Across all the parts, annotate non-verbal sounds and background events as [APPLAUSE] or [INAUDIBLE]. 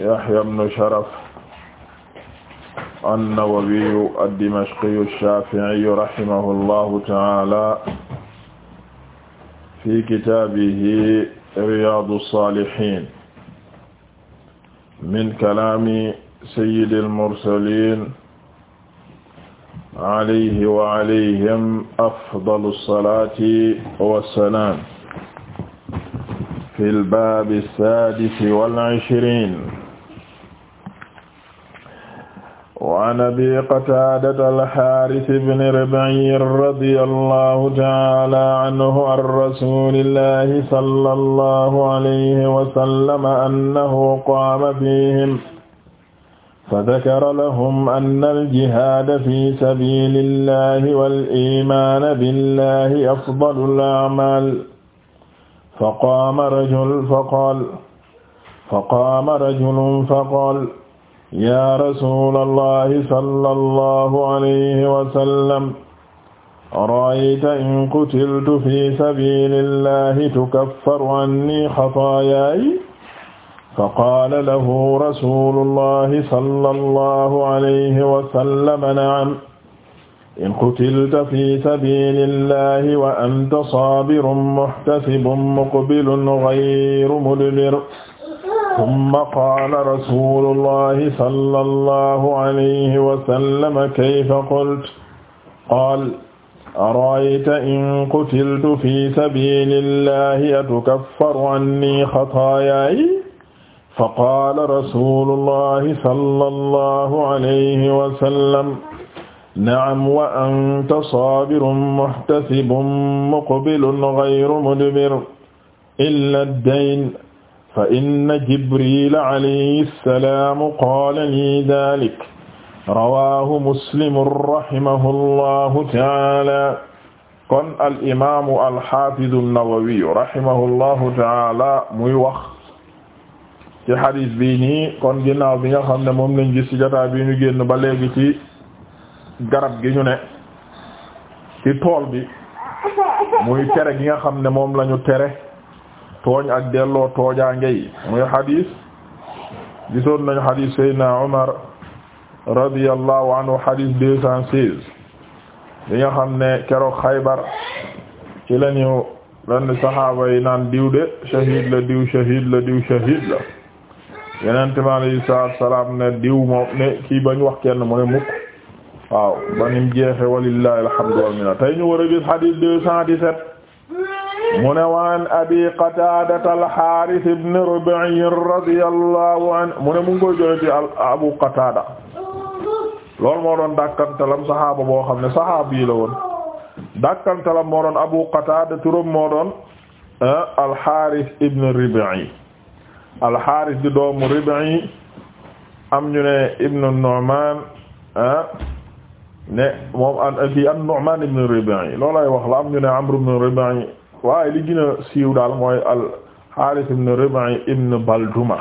yahya ibn sharaf an-nawawiyu ad-dimashqiyu ash-shafi'iyu rahimahu llahu ta'ala fi kitaabihi riyaadu saalihiin min kalaami sayyidil mursaliin alayhi wa alayhim afdalu salaati wa salaam fil baabi saadisi wal ishriin waan abi qataadata alxaaris ibni rabiir radiyallahu taala anhu an rasuulillahi sallallahu alayhi wa sallam annahu qaama fiihim fadakara lahum anna aljihaada fi sabiilillahi wal iimaana billahi afdalul acmaal faqaama rajulun faqaala faqaama rajulun faqaala yaa rasuulallahi sallallahu alayhi wa sallam ara'ayta in qutiltu fi sabiilillahi tukaffaru anni xataayaaya faqaala lahu rasuulullahi sallallahu alayhi wa sallam na'am in qutilta fi sabiilillahi wa anta saabirun muhtasibun muqbilun ghayru mudbir summa qaala rasuulullahi sallallahu alayhi wa sallam kayfa qulta qaala ara'ayta in qutiltu fi sabiilillahi atukaffaru anni xataayaaya faqaala rasuulullahi sallallahu alayhi wa sallam na'am wa anta saabirun muhtasibun muqbilun ghayru mudbir illa ad-dayn fa inna jibril alayhi salaam qaala lii daalik rawaahu muslim rahimahullahu taala kon al imaamu al haafidu an taala muy wax ci hadis bii nii kon ginnaaw bi nga xam ne moom lañ gis ci jotaay bi ñu génn ba léegi ci garab gi ñu ne ci tool bi muy tere gi nga xam ne moom lañu tere. tooñ ak delloo toojaange yi muy xadis gisoon nañu xadis Seydina Umar radiyallahu anhu xadis deux cent seize bi xam ne keroog Xaybar ci lañu saxaaba yi naan diw de shahid la diw shahid la diw shahid la yenente mi alayhi salaam ne diw moom ne kii bañ wax kenn mu mukk waaw banim jeexe walillahi alhamdu wal minna ñu war gis xadis deux cent dix mu ne waan abi qataadata alxaaris ibn ruba'i radiyallahu anhu mu ne mu ngi koy jëlee abu qataada loolu moo doon dàkkantalam saxaaba boo xam ne saxaaba yi la woon dàkkantalam abu qataada turam moo doon eh, alxaaris ibn ruba'i alxaaris di doomu ruba'i am ñu ne ibn eh, an kii an nu'man ibn ruba'i am ñu ne amr ibn waaye li gën siiw daal mooy al Haaris ibn Rib'i ibn Balduma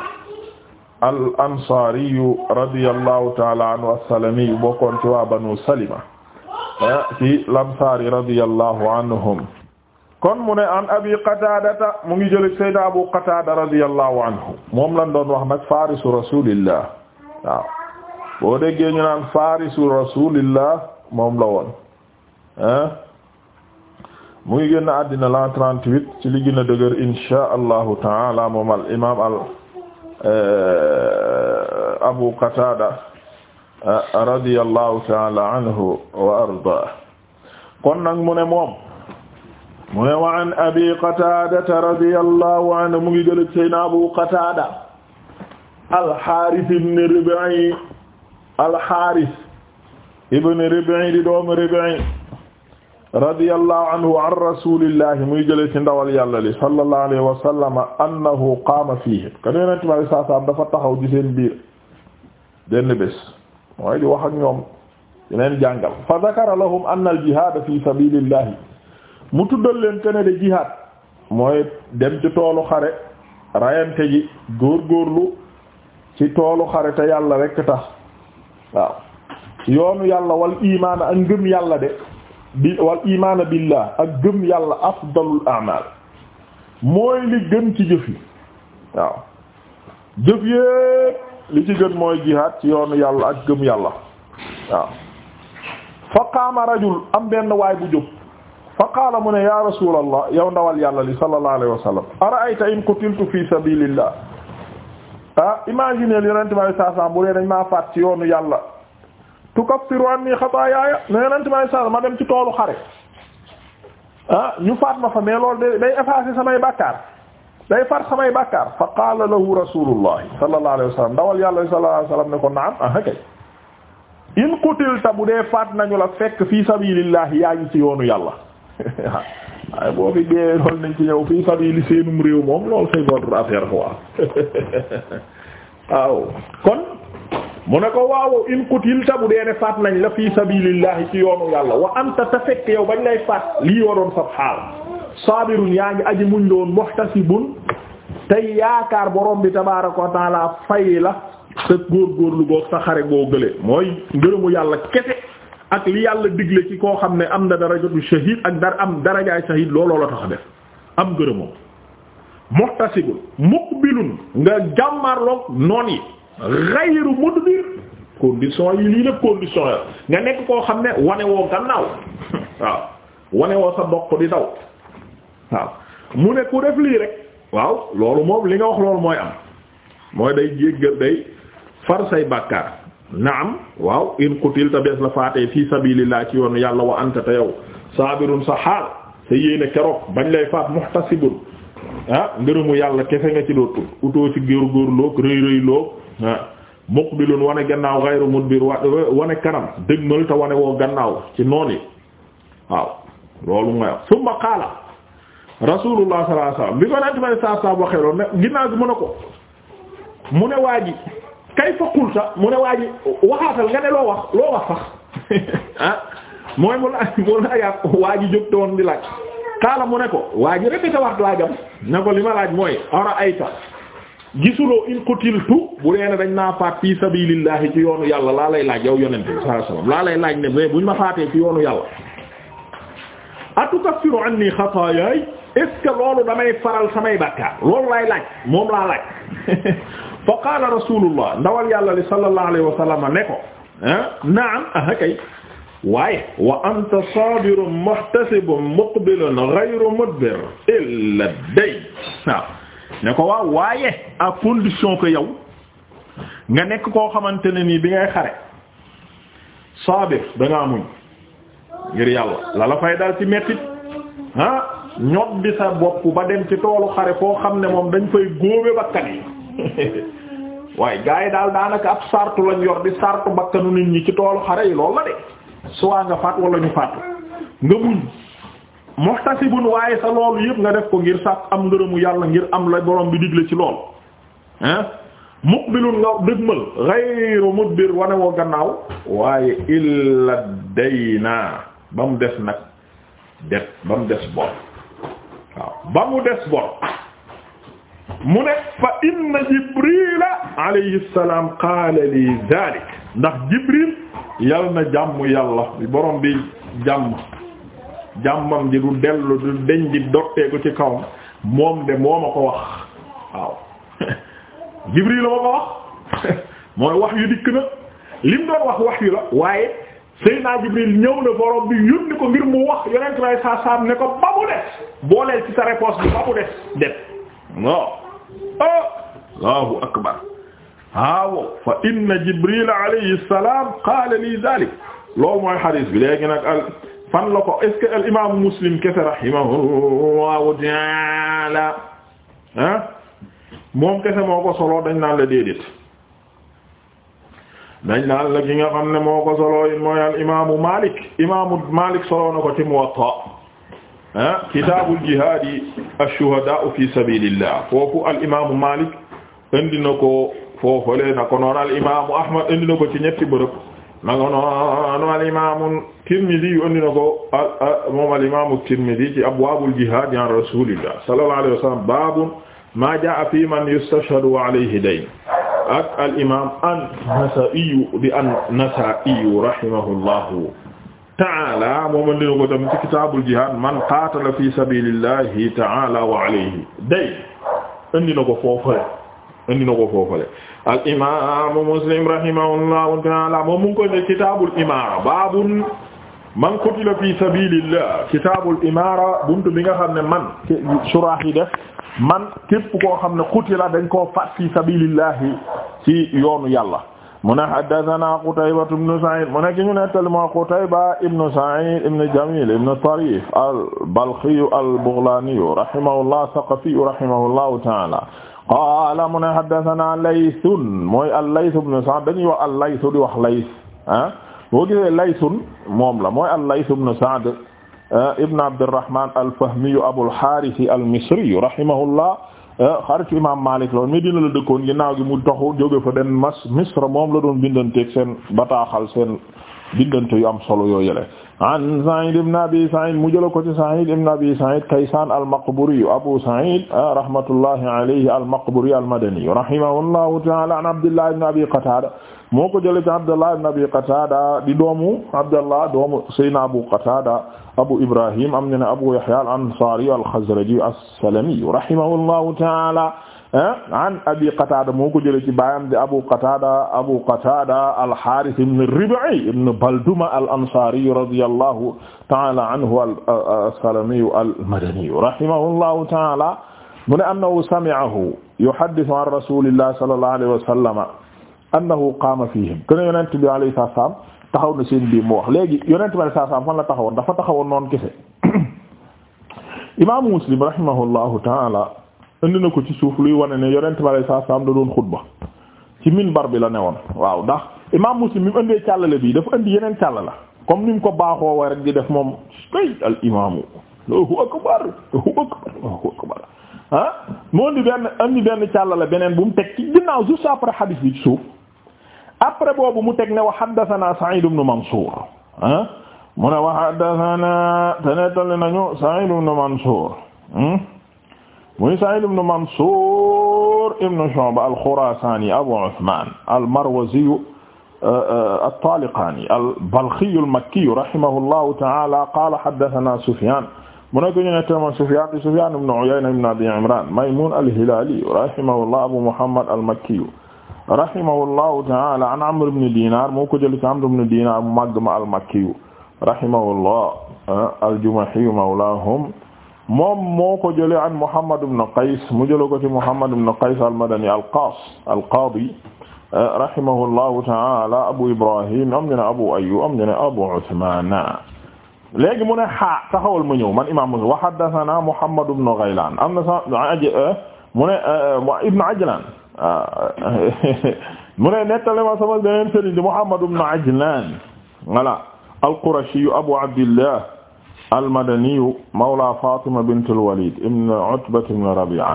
al ansaariyu radiyallahu taala anhu as-salamiyu bokkoon ci waa banu salima ah, ci lamsaari radiyallahu anhum kon mu ne an abi qataadata mu ngi jële sayda abu qataada radiyallahu anhu moom lan doon wax nag farisu rasulillah waaw boo déggee ñu naan farisu rasulillah moom la woon ah. mu ngi génn àddina la 38 ci li gën a dëgër insha allahu taala moom al imaam al euh, Abu Qatada euh, radiyallahu taala anhu wa arda kon nag mu ne moom mu ne wa an abi Qatada radiyallahu anhu mu ngi jël sayna Abu Qatada al-Harith ibn Rib'i al-Harith ibn Rib'i di doomu Rib'i radiyallahu anhu an rasulillahi muy jëlee ci ndawal yàlla li sallallahu alayhi wa sallam annahu qaama fiihi kon yonent bi saa saa dafa taxaw ci seen biir benn mooy di wax ñoom di leen jàngal fa zakara lahum anna jihaada fi sabilillahi mu tuddal leen kene de jihaad mooy dem ci toolu xare rayante ji góorgóorlu ci toolu xare te yàlla rekk tax waaw yoonu yàlla wal imaan ak ngëm yàlla de bi wal imaana billah ak gëm yàlla afdalul a'mal mooy li gën ci jëf yi waaw jëf yépp li ci gën mooy jihaad ci yoonu yàlla ak gëm yàlla waaw fa qaama rajul am benn waay bu jóg fa qaala mu ne ya rasulallah yow ndawal yàlla li sallallahu alayhi wa sallam ara'ayta in qutiltu fi sabilillah ah imagine li yonente mi alei bu dee dañ maa faat ci yoonu yàlla tukaffiru anni xataayaaya na yonent may sar ma dem ci toolu xare ah ñu faat ma fa mais loolu day effacer samay bàkkaar day far samay bàkkaar fa qaala lahu rasulullahi sallallahu alayhi wa sallam dawal yàlla sallallahu alayhi wa ne ko naam ah kay in qutilta bu dee faat nañu la fekk fii sabilillahi yaa ngi ci yoonu yàlla [LAUGHS] waaye boo fi dee loolu nañ ci ñëw fii sabili seenum réew moom loolu c'est votre affaire quoi [LAUGHS] waaw kon mu ne ko waaw yi qutilta bu dee ne faat nañ la fi sabilillahi ci yoonu yàlla wa anta ta fekk yow bañ lay faat lii waroon sab xaal sabirun yaa ngi aji muñ loon muhtasibun tey yaakaar borom bi tabaaraka wa taala fay la sa góorgóorlu goog sa xare goo gële mooy ngërëmu yàlla kese ak li yàlla digle ci koo xam ne am na darajatu shahid ak dara am darajaay shahid looloo la tax a def am ngërëmoo muhtasibun muqbilun nga jàmmarloog noon yi ghayru mudbir condition yi lii la condition ya nga nekk koo xam ne wane woo gannaaw waaw wane woo sa doq di daw waaw mu ne ku def lii rek waaw loolu moom li nga wax loolu mooy am mooy day jéggal day far say bàkkaar naam waaw in qutil ta bees la faatee fi sabilillah ci yoon yàlla wa anta te yow saabirun sa xaal sa yéene keroog bañ lay faat muhtasibun ah ngërëmu yàlla kese nga ci dootul utoo ci góorgóorloo rëy rëyloo Ah, muqbilun wane gannaaw ghayru wa wane kanam dëgmal te wane woo gannaaw ci noon yi waaw loolu mooy summa qaala rasulullah sallallahu alayhi wasallam bi ko nent may saab saab waxee loolu ginnaaw gi mu ne ko mu ne waa ji kayfa qulta mu ne waa loo wax loo wax sax [LAUGHS] ah mooy mu laaj mu di laaj qaala mu ne ko waa ji répété wax laajam ne ko li ma laaj mooy ara ayta gisuloo in qutiltu bu dee ne dañ fi sabilillahi ci yoonu yàlla laa lay laaj yow yonente lay laaj ne mais buñ ma faatee ci yoonu yàlla atukaffiru que loolu damay faral samay bàkkaar loolu laay laaj moom laa laaj [LAUGHS] fa qaala rasulullah ndawal yàlla li sallallahu alayhi wasallam ne ko ah, naam aha kay waaye mudbir illa day ne ko waaw waaye à condition que yow nga nekk koo xamante ne nii bi ngay xare sabir da ngaa muñ ngir yàlla la la fay dal ci mettit ah ñot bi sa bopp ba dem ci toolu xare foo xam ne moom dañ fay góobe bakkan yi [LAUGHS] waaye gars yi daal daanaka ab sartu lañ yor di sartu bakkanu nit ñi ci toolu xare yi loolu la de soit nga faat wala ñu faatu nga muñ muhtasibun waaye sa loolu yëpp nga def ko ngir sax am ngërëmu yàlla ngir am la borom bi digle ci lool ah muqbilun nga dëgmal ghayru mudbir wane woo gannaaw waaye illa dayna ba mu des nag det ba mu des bor waaw ba mu des bor mu ne fa inna jibrila alayhi salaam qaala li dalik ndax jibril yal na jàmm yàlla borom bi jàmm jàmbam ji du dellu du deñ di dotteeku ci kaw moom de moo [LAUGHS] ma ko wax waaw ma ko wax mooy wax yu dikk na lim doon wax wax yu la waaye Seydina Jibril ñëw na borom bi yónni ko ngir mu wax yonent lay saa ne ko ba mu des booleel ci sa réponse bi ba mu des def waaw oh Allahu akbar waaw fa inna Jibril alayhi salaam qaala lii daalik loolu mooy xadiis bi léegi nag al fan la ko est-ce que al imaamu muslim kese rahimahullahu ta'ala ah, moom kese moo ko solo dañ naan la déedéet dañ naan la ki nga xam ne moo ko solo yi mooy al imaamu Malik imaamu Malik solo na ko ci Muwatta ah kitaabul jihaad ash-shuhadaa fi sabiilillah foofu al imaamu Malik indi na ko foofule na ko noonu al imaamu Ahmad indi na ko ci ñetti bërëb. ma nga noonu al imaamu Tirmidi andi na ko moom al imaamu Tirmidi ci abwaabul jihaad an rasuulillah sallallahu alayhi wa sallam baabu maa jaa'a fii man yustashhadu wa alayhi dayn ak al imaam an-Nasaa'i di an-Nasaa'i rahimahullahu ta'ala moom andi na ko tam ci kitaabul jihaad man qaatala fii sabiilillahi ta'ala wa alayhi dayn andi na ko foofale andi na ko foofale al imaamu muslim rahimahullahu taala moom mu ngi ko ne kitaabul imaara baabun man qutila fi sabilillah kitaabul imaara buntu bi nga xam ne man suraax yi def man képp koo xam ne qutila dañ koo faat fi sabilillahi ci yoonu yàlla mu ne haddathana Qutayba ibnu Sa'id mu ne ki ñu nettali moo Qutayba ibnu Sa'id ibnu Jamil ibnu Tarif al-Balkhi al-Baghlani rahimahullah saqafi rahimahullahu taala qaala mu ne haddathana mooy al-Layth ibn dañuy wax al-Layth di wax Layth ah boo gisee laysun moom la mooy al-Layth ibn Sa'd eh, ibn Abdurrahman al-Fahmi Abul Harith al-Misri rahimahullah eh, xaritu imam Malik la woon Medina la dëkkoon ginnaaw gi mu toxu jóge fa den mas moom la doon bindanteeg seen bataaxal seen bindante yu am solo yoo an Sa'id ibn Abi Sa'id mu jëla ko ci Sa'id ibn Abi Sa'id Kaysan al-Maqburi Abu Sa'id ah, rahmatullahi alayhi al-Maqburi al-Madani rahimahullahu ta'ala an Abdullah ibn Abi Qatada moo ko jële ci Abdullah ibn Abi Qatada di doomu Abdullah doomu Sayyidina Abu Qatada Abu Ibrahim am na ne Abu Yahya al-Ansari al-Khazraji as-Salami rahimahullahu ta'ala Ah, an abi qatada moo ko jëlee ci baayam di abu qatada abu qatada al-harith ibn rib'i ibn balduma al-ansari radiyallahu ta'ala anhu as-salami al-madani rahimahullahu ta'ala mu ne annahu sami'ahu yuhaddithu an rasulillahi sallallahu alayhi wa sallama annahu qaama fihim kene yonent bi alayhi salaam taxaw na seen biir mu wax léegi yonent bi alayhi salaam fan la taxawoon dafa taxawoon noonu kese [COUGHS] imaamu muslim rahimahullahu ta'ala indi na ko ci suuf luy wane ne yonent bi alayhi salaam da doon xutba ci minbar bi la woon waaw ndax imaam muslim mi mu indee càllale bi dafa indi yeneen la comme ni mu ko baaxoo way rek di def moom tey al imaamu Allahu akbar Allahu akbar Allahu akbar ah mu indi benn indi benn càllala beneen bu mu teg ci ginnaaw juste après hadith bi ci suuf après boobu mu teg ne wa haddathana Sa'id ibn Mansur ah mu ne wa haddathana te nettali nañu Sa'id ibn Mansur hmm? muy Sa'id ibn Mansur ibn Shu'ba al-Khurasani Abu Uthman al-Marwazi euh, euh, at-Taliqani al-Balkhi al-Makki rahimahullahu ta'ala qala haddathana Sufyan mu nekk ñu ne teemoon Sufyan di Sufyan ibn Uyayna ibn Abi Imran Maymun al-Hilali rahimahullah Abu Muhammad al-Makki rahimahullahu ta'ala an Amr ibn Dinar moo ko jël ci Amr ibn Dinar mu màgg ma al-Makki rahimahullah euh, al-Jumahi mawlahum moom moo ko jëlee an Muhammad ibn Qays mu jëlee ko ci Muhammad ibn Qays al-Madani al-Qaas al-Qaadi rahimahullahu ta'ala Abu Ibrahim am na ne Abu Ayyub am na ne Abu Usmaan léegi mu ne xaa taxawal ma ñëw man imaam Muslim wa haddathana Muhammad ibn Ghaylaan am na sax ah, eh, mu ne eh, Ibn Ajlaan [LAUGHS] mu ne nettali ma sama beneen sëriñ di Muhammad ibn Ajlaan voilà al-Qurashi Abu Abdillah almadaniyu mawla Fatima bint al-Walid ibn Utba ibn Rabi'a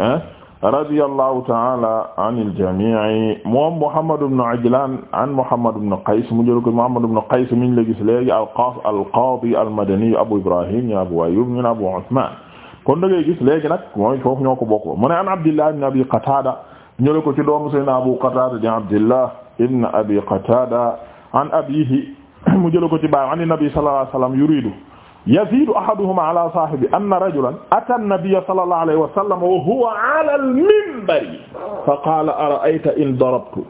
eh, radiyallahu ta'ala anil jami'i moom Muhammad ibn Ajlan an Muhammad ibn Qays mu jël ko Muhammad ibn Qays min la gis léegi al-Qadi al-Madani Abu Ibrahim ya Abu Ayyub min Abu Uthman kon da ngay gis léegi nag mooy foofu ñoo ko bokk mu ne an Abdillah ibn Abi Qatada ñële ko ci doomu Seydina Abu Qatada di Abdillah ibn Abi Qatada an abihi mu jël ko ci baay an Nabi sallallahu alayhi wasallam yuridu yaziidu ahaduhumaa alaa saahibi anna rajulan ataa nabiyya sallallaahu alayhi wa sallam wa huwa alaa al-minbari fa qaala ara'ayta in darabtu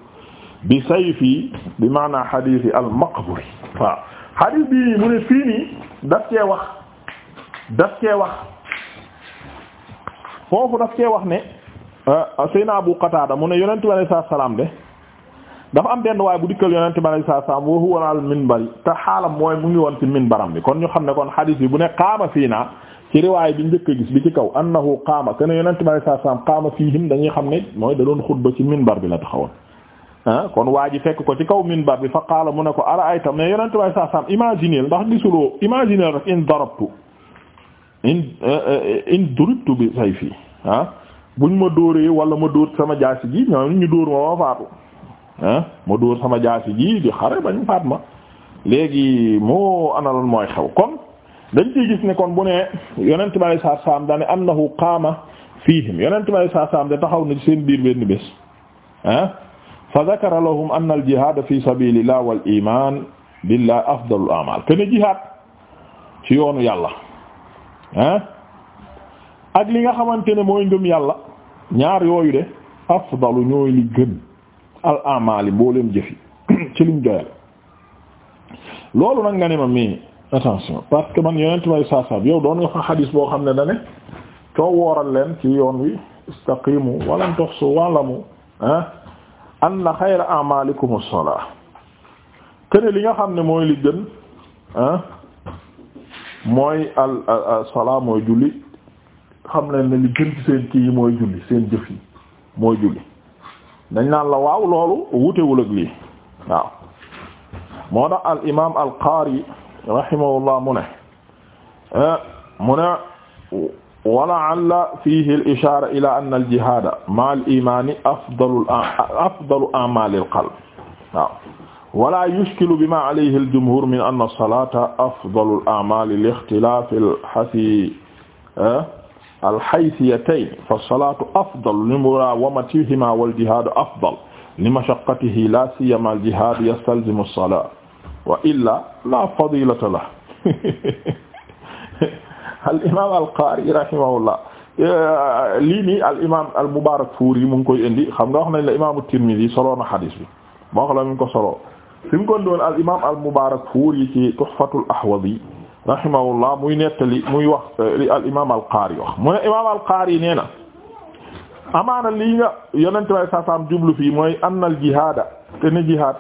bi sayfi bi maanaa hadiisi al-maqburi waaw hadiis bii mu ne fii nii daf cee wax daf cee wax foofu daf cee wax ne euh, Seydina Abu Qataada mu ne Yonent bi alayhi salaam de dafa am benn waaye bu dikkal yonent bi alayhi salaam wa huwa al minbari te xaalam mooy mu ngi woon ci minbaram bi kon ñu xam ne kon xadiis bi bu ne qaama fii naa ci riwaay bi njëkk a gis bi ci kaw annahu qaama kenn yonent bi alayhi salaam qaama fiihim dañuy xam ne mooy da doon xutba ci minbar bi la taxawoon. ah kon waa ji fekk ko ci kaw minbar bi fa qaala mu ne ko ara aytam ne yonent bi alayhi salaam imaginer ndax gisuloo imaginer rek in darabtu in eh, eh, in duribtu bi sayfi ah buñ ma dóoree wala ma dóor sama jaasi ji ñooñu ñu dóor ah ma sama jaasi ji di xare bañ faat ma léegi moo analoon mooy xew kon dañ ciy gis ne kon bu ne yonent bi alayhi salaatu salaam daane annahu qaama fiihim yonent bi alayhi salaatu da taxaw na seen biir benn bés ah fa zakara lahum anna al jihaad fi sabilillah wal iman billah afdalul a'mal kene jihaad ci yoonu yàlla ah ak li nga xamante ne mooy ngëm yàlla ñaar yooyu de afdalu ñooy li gën al amali mbooleem jëfi [CLEARS THROAT] ci lim joyal loolu nag nga ne ma mi attention parce que man yonent may saasab yow doon nga fa xadis boo xam ne da ne coo leen ci yoon wi istaqimu walan tuhsu wa'lamu ah an xayra a'malikum as-salah kene li nga xam ne mooy li gën ah mooy al as-salah mooy julli xam leen ne li gën ci seen kii yi mooy julli seen jëf yi mooy julli dañ naan la waaw loolu wutewul ak lii waaw moo tax al imaam al qaari rahimahullah mu ne eh, mu ne walaalla fiihi al ishaara ila anna al jihaada ma'a al imaani afdalu afdalu a'maali al qalb waaw wala yushkilu bima alayhi al jumhuur min anna as-salaata afdalu al a'maali li ixtilaafi al hasi eh, alxaysiyatayn fa salaatu afdal li muraawamatihimaa wal jihaadu afdal li mashaqqatihi laa siyamaa al jihaadu yastalzimu as-salaa wa illaa laa fadiilata lahu [LAUGHS] al imaam al qaari rahimahullah eh, lii nii al imaam al mubaarakfuuri mu ngi koy indi xam nga wax nañ la imaamu tirmidi solo na xadiis bi moo xam la mu ngi ko solo fi mu ko doon al imaam al mubaarakfuuri ci tuhfatul ahwadi rahimahullah muy nettali muy wax euh, li al imaam wax mu ne imaam al qaari nee na amaana lii nga yonente way saasaam mooy anna al jihaada te jihaad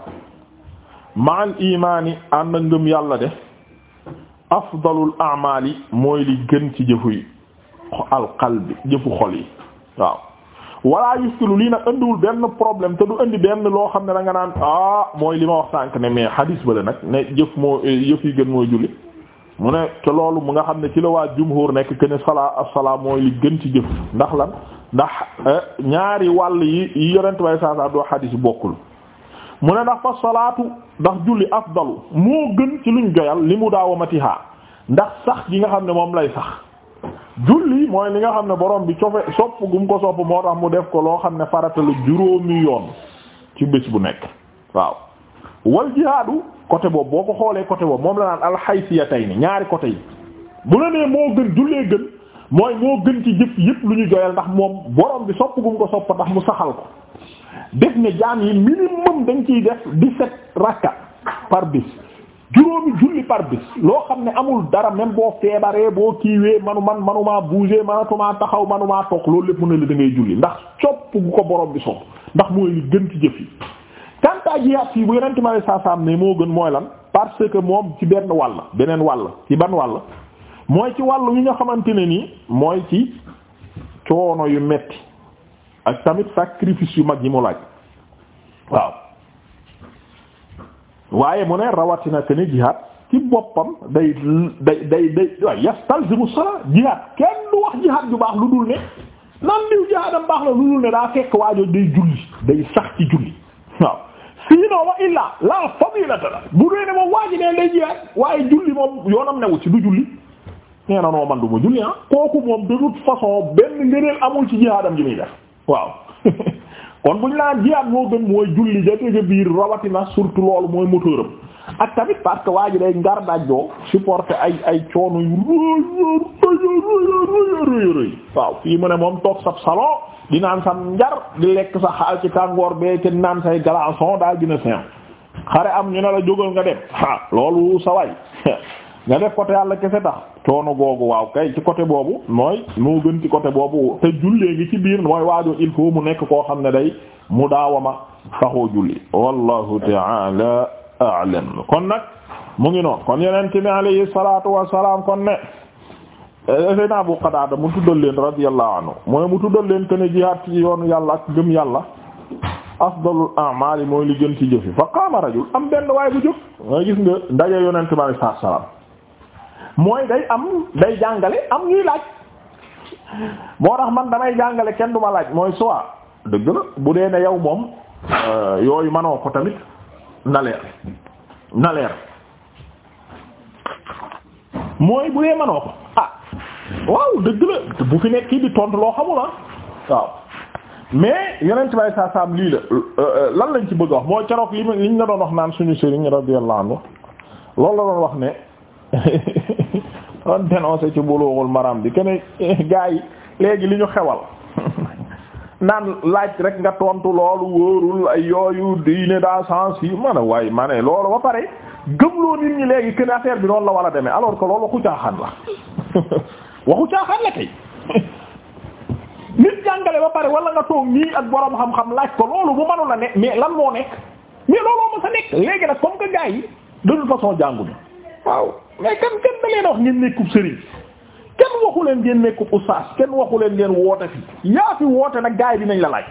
ma al imaani ànd a yàlla de afdalul a'maali mooy li gën ci jëfuy al qalbi jëfu xol yi wala yuskilu lii nag andiwul benn problème te du benn loo xam ne da nga naan ah mooy li ma wax sànk ne mais hadis bale nag ne gën mooy julli mu ne te loolu mu nga xam ne ci la waa jumhur nekk que ne ab asalaa mooy li gën ci jëf ndax lan ndax eh, ñaari wàll yi yi yonent way saa saa doo xadiis bokkul mu ne ndax fa salaatu ndax julli afdalu moo gën ci luñ joyal li mu daawamatiha ndax sax gi nga xam ne moom lay sax julli mooy li nga xam ne borom bi cofe sopp gum ko sopp moo tax mu def ko loo xam ne farata la juróomi yoon ci bés bu nekk waaw wal côté boobu boo ko xoolee côté boobu moom la naan alxaysiyatayni ñaari côté yi bu la nee moo gën jullee gën mooy moo gën ci jëf yëpp lu ñu joyal ndax moom boroom bi sopp gum ko sopp ndax mu saxal ko def ne jaam yi minimum dañ ciy def di sept rakka par bis juróomi julli par bis loo xam ne amul dara même boo feebaree boo kiiwee manu man manumaa bouger manatumaa taxaw manumaa toog loolu lépp mu ne la da ngay julli ndax sopp gu ko boroom bi sopp ndax gën ci jëf quant à jihaad fii bu yonent mi saasaam salaam ne moo gën mooy lan parce que moom ci benn wàll beneen wàll ci ban wàll mooy ci wàll yu nga xamante ne nii mooy ci coono yu metti ak tamit sacrifice yu mag yi mu laaj waaw waaye mu ne rawatina que ni jihaad ci boppam day day day day waaw yastalzimu sala jihaad kenn wax jihaad ju baax lu dul ne naan diw baax la lu dul ne daa fekk waajooj day julli day sax ci julli waaw sinon wa illa la fadilata la bu dee ne moom waa ji ne day waaye julli moom yoonam newu ci du julli nee na noo du ma julli ah kooku moom de toute façon benn ngëneel amul ci jihaadam ji muy def waaw [LAUGHS] kon bu ñu laa jihaad moo gën mooy julli ja tëj biir rawatina surtout loolu mooy moteuram ak tamit parce que waa ji day ngar dajjoo supporter ay ay coono yu rëy waaw fii mu ne moom toog sab salon di naan sam njar di lekk sa xaal ci tàngoor bee ci naan say glaçon daa gën a sin xare am ñu ne la jógal nga dem ah loolu sa waay [LAUGHS] nga def côté yàlla kese tax coono googu waaw kay ci côté boobu mooy moo gën ci côté boobu te jullee ngi ci biir mooy waajo il faut mu nekk koo xam ne day mu daawama taxoo julli wallahu ta'ala a'lam kon nag mu ngi noonu kon yeneen ci bi alayhi salaatu wassalaam kon ne Seydina Abu Qataada mu tuddal leen radiyallahu anhu mooy mu tuddal leen que ne jihaad ci yoonu yàlla ak gëm yàlla afdalul a'maal mooy li gën ci jëfi fa qaama rajul am benn waaye bu jóg mooy gis nga ndaje yonent bi alayhi salaatu wassalaam mooy day am day jàngale am ñuy laaj moo tax man damay jàngale kenn du ma laaj mooy soit dëgg la bu dee ne yow moom euh, yooyu manoo ko tamit na leer mooy bu dee manoo ko ah waaw dëgg la bu fi nekk kii di tontu loo xamul ah waaw mais yeneen bay saa saam lii la euh, euh, lan lañ ci bëgg wax mooy caroog li liñ la doon wax naan suñu sëriñ radiyallahu anhu loolu la doon wax ne [LAUGHS] doon dénoncé ci Bulughul Maram bi kenn [LAUGHS] gaa yi léegi li ñu xewal naan laaj rek nga tontu loolu wóorul ay yooyu diine daa sens yi ma ne waaye ma loolu ba pare gëmloo nit ñi léegi kenn affaire bi noonu la war a demee alors que loolu waxu caaxaan la [LAUGHS] waxu caaxaan la kay [LAUGHS] nit jàngale ba pare wala nga toog nii ak borom xam-xam laaj ko loolu bu mënu la mais lan moo nekk mais looloo ma sa nekk léegi nag comme que gars yi de toute façon jànguñu waaw mais kan kenn da leen wax ngeen nekkub sëriñ kenn waxu leen ngeen nekk oustaz kenn waxu leen ngeen woote fi yaa fi woote nag gars bi nañ la laaj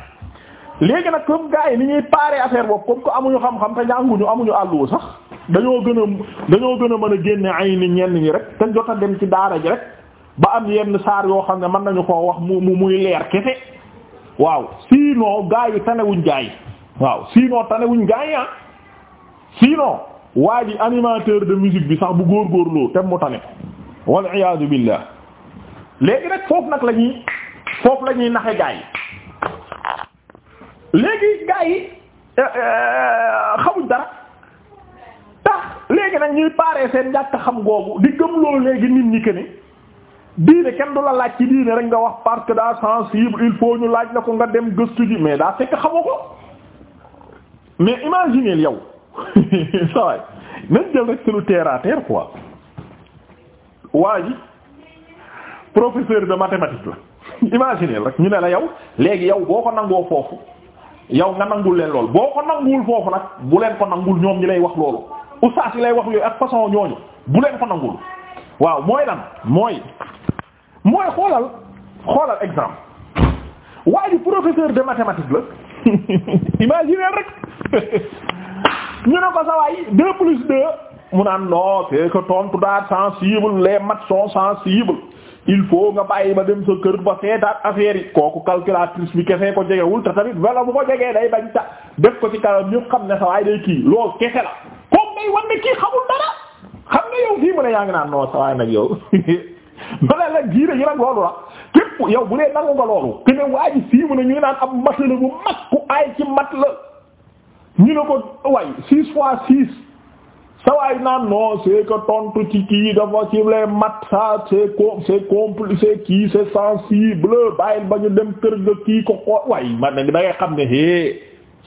léegi nag comme gars yi ni ñuy paree affaire boobu comme amuñu xam-xam te jànguñu amuñu àlluwu sax dañoo gën a dañoo gën a mën a génne ay ni ñenn ñi rek te jot a dem ci daara ji rek ba am yenn saar yoo xam ne man nañu koo wax mu mu muy leer kese waaw sinon gars yi tanewuñ gars waaw sinon tanewuñ gars yi ah sinon waa ji animateur de musique bi sax bu góor te mu tane wal iyaadu billah léegi rek foofu nag la ñuy foofu la ñuy naxe gaa yi léegi gaa yi euh, euh, xamuñ dara tax léegi nag ñuy paree seen ñàkk xam googu di gëm loolu léegi nit ñi que ne diine kenn du la laaj ci diine rek nga wax parce que daa sensible il faut ñu laaj la ko nga dem gëstu ji mais daa fekk xamoo ko mais imaginez yow [LAUGHS] ça va jël rek sunu terre à terre waa ji professeur de mathématiques la [LAUGHS] imaginer rek ñu ne la yow léegi yow boo ko nangoo foofu yow nga nangul leen lool boo ko nanguwul foofu nag bu leen ko nangul ñoom ñi lay wax loolu oustaz yi lay wax yooyu ak façon ñooñu bu leen ko nangul waaw mooy lan mooy mooy xoolal xoolal exemple waaye professeur de mathématiques la [LAUGHS] imaginer rek [LAUGHS] ñu ne ko sa waay deux plus deux mu naan non c'est que tontu daal sensible les maths sont il faut nga bàyyi ba dem sa kër ba seetaat affaire kooku calculatrice bi kese ko jegewul te tamit wala bu ko jegee day bañ ta def ko ci kanam ñëpp xam ne sa waay day kii loolu kese la comme day wan ne kii xamul dara xam ne yow fii mu ne yaa ngi naan non sa waay nag yow [LAUGHS] mane la jiire yi bu dee nangu nga loolu ke ne waa ji fii mu ne ñu naan ab mat la bu mag ku aay ci mat la ñu ne ko way six fois six sawaay naan non c'est tontu ci kii dafa ci les mat ça c'est com c'est compliqué kii c'est sensible bàyyil ba ñu dem kër gë kii ko xoo waay man da ngay xam ne é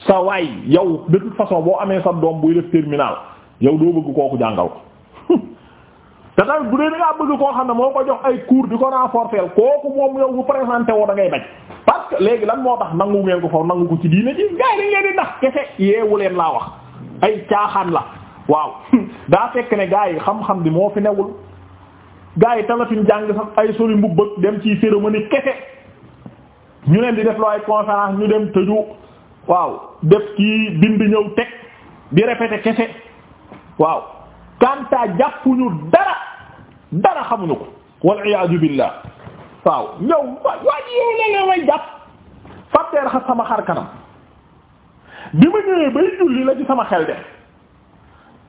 sawaay yow de toute façon boo amee sa doom buy def terminal yow doo bëgg kooku jàngal [LAUGHS] te tamit bu dee da bëgg koo xam ne moo ko jox ay cours di ko renforcer kooku moom yow bu présenté woo da ngay bañ parce que léegi lan moo tax nangu ngeen ko faw nangu ko ci diine ci gars yi dañ leen di ndax laa wax ay caaxaan la waaw [LAUGHS] daa fekk ne gaa yi xam-xam bi moo fi newul gaa yi talatuñ jàng sax ay soli mbubb ak dem ci cérémonie kese ñu leen di def loo ñu dem tëju waaw def kii bind ñëw teg di répéter kese waaw kanta jàppuñu dara dara xamuñu ko wal iyaadu billah waaw ñëw waa waa ji yow la nga may jàpp fàtteer sama xar kanam bi ma ñëwee bay julli la ci sama xel def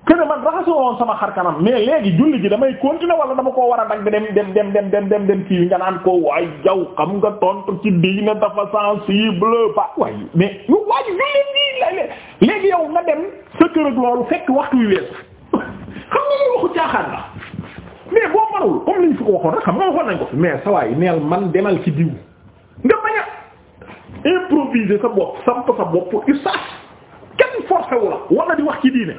que ne man raxasoo sama xar kanam mais léegi julli gi damay continuer wala dama koo war a dagg dem dem dem dem dem dem dem kii nga naan ko waay jaw xam nga tontu ci diine dafa sensible ba waay mais ñu waaj julli nii la léegi yow nga dem sa kër ak loolu fekk waxtu wi weesu xam nga loolu waxu caaxaan la mais boo manul comme liñ fi ko waxoon rek xam nga waxoon nañ ko fi mais sa waay neel man demal ci diw nga bañ a improviser sa bopp samp sa di wax ci diine.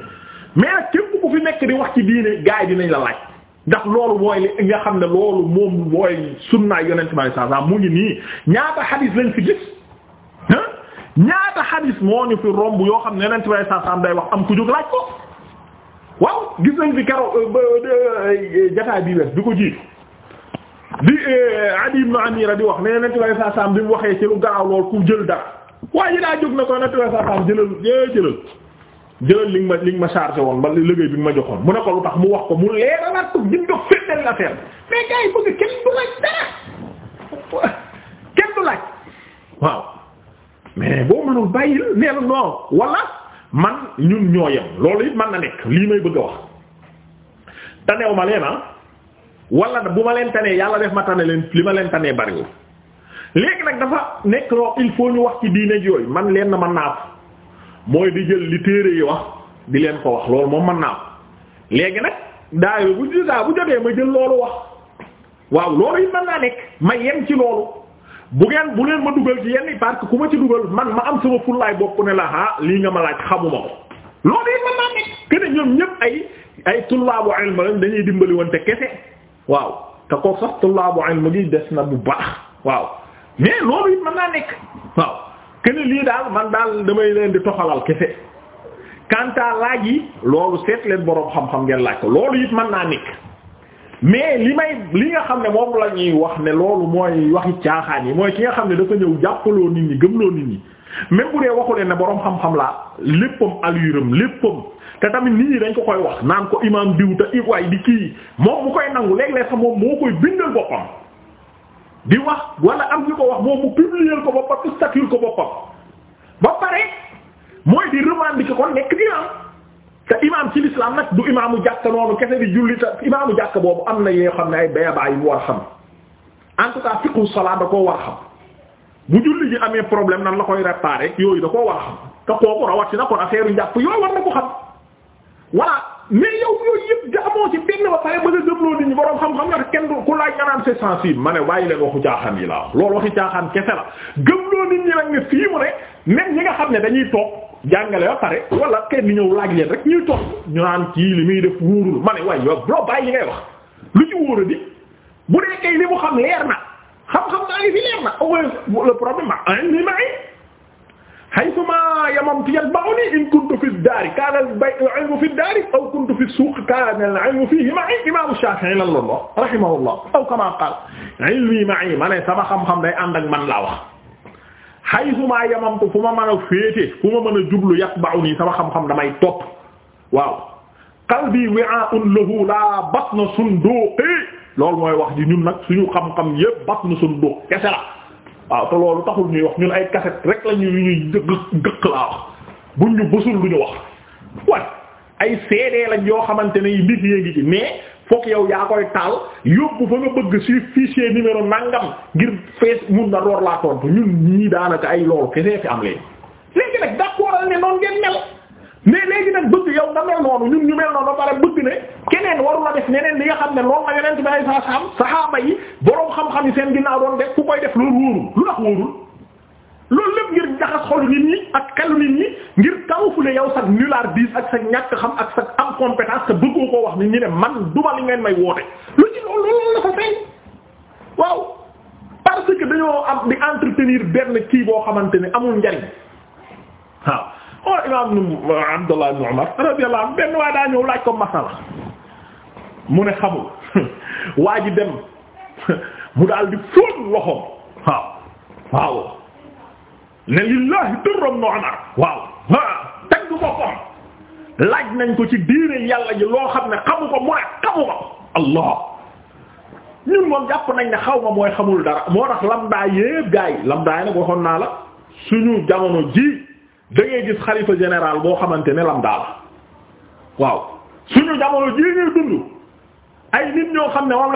mais nag képp ku fi nekk di wax ci diine gars yi dinañ la laaj ndax loolu mooy li nga xam ne loolu moom mooy sunnaay yonent bi sallallahu alayhi wasallam mu ngi nii ñaata xadis lañ fi gis ñaata xadis moo ñu fi romb yoo xam ne yonent bi sallallahu alayhi wasallam day wax am ku jóg laaj ko waaw gis nañ fi karo bi wes bi ko jiit bi euh, Adi ibn Amira di wax ne yonent bi sallallahu alayhi wasallam bi mu waxee ci lu garaaw lool ku jël dara waaye ji daa jóg na ko yonent bi sallallahu alayhi jëlal jëlal li ma li nga ma chargé woon ba liggéey bi nga ma joxoon mu ne ko lu tax mu wax ko mu leeralaat ko gën ko firndeel la affaire man ñun ñoo yem loolu man na nekk lii may bëgg ma leen ah wala bu ma leen tanee yàlla def ma tane leen li ma leen tanee bariwul léegi nag dafa nekk loo il faut ñu wax ci diine yooyu man leen na mën naa mooy di jël li téere yi wax di leen ko wax loolu moom man naa ko léegi nag daayo bu di bu jotee ma jël loolu wax waaw loolu it mën naa nekk ma yem ci loolu bu ngeen bu leen ma dugal ci yenn parce que ku ma ci dugal man ma am sama fullaay bopp ne la ah lii nga ma laaj xamuma ko loolu it mën naa nekk kene ñoom ñëpp ay ay tullaabu ilm lañ dañuy dimbali wante kese waaw te ko sax tullaabu ilm gi des na bu baax waaw mais loolu it mën naa nekk kene lii daal man daal damay leen di toxalal kese kanta laaj yi loolu seet leen boroom xam-xam ngeen laaj ko loolu it man naa nekk mais li may li nga xam ne moom la ñuy wax ne loolu mooy waxi caaxaan yi mooy ki nga xam ne dafa ñëw jàppaloo nit ñi loo nit ñi même bu dee waxu leen ne boroom xam-xam laa léppam aluram léppam te tamit nit ñi dañ ko koy wax naan ko imam diw te iwaay di kii moom mu koy nangu léeg-léeg sax moom moo koy bindal boppam di wax wala am ñu ko wax moom mu publier ko boppam statut ko boppam ba pare mooy di revendiquer kon nekk imam te imam ci l'islam nag du imaamu jàkk noonu kese di julli te imaamu jàkk boobu am na yoo xam ne ay bayabaay yu mu war xam en tout cas fiqhu salaat da koo war xam bu julli ji amee problème nan la koy réparer yooyu da koo ko xam te kooku rawatina kon affaire yu njàpp yooyu war na ko xam voilà. mais yow yooyu yëpp da ci benn ba pare bëgg a gëmloo nit ñi borom xam-xam nga kenn ku laaj nga naan c'est sensible ma ne bàyyi leen waxu caaxaan yi la loolu waxi caaxaan kese la gëmloo nit ñi nag ne fii mu ne même ñi nga xam ne dañuy toog jàngale ba pare wala kenn ñëw laaj leen rek ñuy toog ñu naan kii li muy def wóorul ma ne waaye yow loo bàyyi li ngay wax lu ci wóor a di bu dee kay li mu xam leer na xam-xam nga ngi fi leer na au le problème ah ni haythuma yamamtu yatba'uni in kuntu fi daari kaana al-ilmu fi daari aw kuntu fi suuq kaana al-ilmu fiihi ma'i imaamu Shaafi'i lan loolu rahimahullah aw kamaa qaala ilmi ma'i ma ne sama xam-xam day ànd ak man laa wax haythuma yamamtu fu ma mën a féete fu ma mën a jublu yatba'uni sama xam-xam damay topp waaw qalbi wi'aa'un lahu laa batna sunduuqi loolu mooy wax ji ñun nag suñu xam-xam yépp batna sunduuq kese la waaw ah, te loolu taxul ñuy wax ñun ay cassette rek la ñu ñuy gëq laa wax buñ ñu bësul lu ñu wax wat ay CD lañ yoo xamante ne yi mbir yee ngi mais fokk yow yaa koy taal yóbbu fa nga bëgg ci fichier numéro nangam ngir fees mun na door laa tontu ñun ñii daanaka ay loolu kese fi am léegi léegi nag d'accord ne noonu ngeen mel mais léegi nag bëgg yow nga mel noonu ñun ñu mel noonu ba pare bëgg na keneen waru la def neneen li nga xam ne loolu la yeneen ci bari saa saam saxaaba yi boroom xam-xam yi seen ginnaaw doon def ku koy def loolu wóorul lu tax wóorul loolu lépp ngir jaxas xolu nit ñi ak xelu nit ñi ngir camoufler yow sax nullardise ak sa ñàkk xam ak sa am compétence te bëggoo koo wax nit ñi ne man duma li meen may woote lu ci loolu loolu la fa feeñ waaw parce que dañoo am benn kii boo xamante ne amul njariñ oh imam Abdullah ibn Umar radiyallahu anhu benn waay daa ñëw laaj ko masala mu ne xamul [LAUGHS] waa ji dem [LAUGHS] mu daal di fóon loxoom waaw waaw ne lillahi durram no Umar waaw a tagg boppam laaj nañ ko ci diine yàlla ji loo xam ne xamu ko mooy xamu ko allah ñun moom jàpp nañ ne xaw ma mooy xamul dara moo tax lam daa yépp gaa yi lam daa yi nag waxoon naa la suñu jamono ji da ngay gis xalifa général boo xamante ne lam daal waaw suñu jamono jii ñuy dund ay nit ñoo xam ne